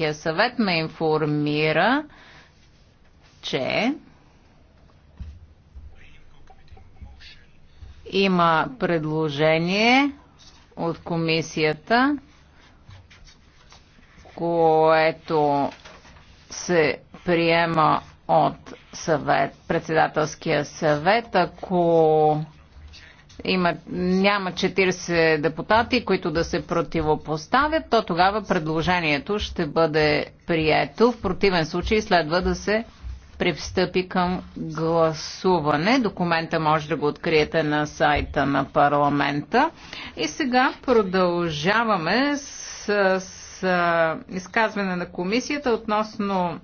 Министерския съвет ме информира, че има предложение от комисията, което се приема от съвет, председателския съвет, ако има, няма 40 депутати, които да се противопоставят, то тогава предложението ще бъде прието. В противен случай следва да се пристъпи към гласуване. Документа може да го откриете на сайта на парламента. И сега продължаваме с, с изказване на комисията относно